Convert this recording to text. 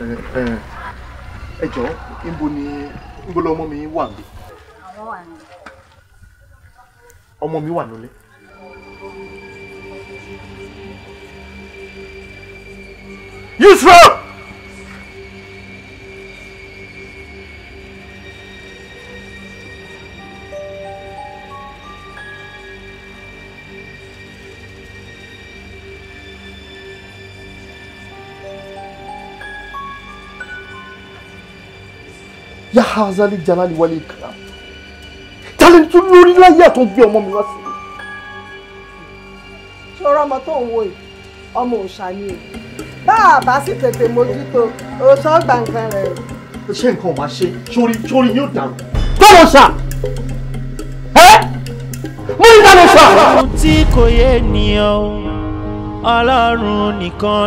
Eh, eh. ẹ jọ níbo ni níbo lọmọ mi wà níbi. àwọn wà níbi. ọmọ mi wà nílé. Yusuf! yà á zálí jalali Kala kàrà talẹ̀ tún lórí láyé àtọ́ gbé ọmọ mi wá sí i. ṣọ́ra ọmọ tó ń wo yìí ọmọ òòṣà ni o bá a bá sì tètè mójútó òòṣà ọgbà nǹkan rẹ̀. ṣé nǹkan ò máa ṣe sórí sórí yóò dàrú. tọ́lọ̀ ṣà ẹ́ mú ìdáná ṣà. ohun tí kò yé ènìyàn ọlọ́run nìkan.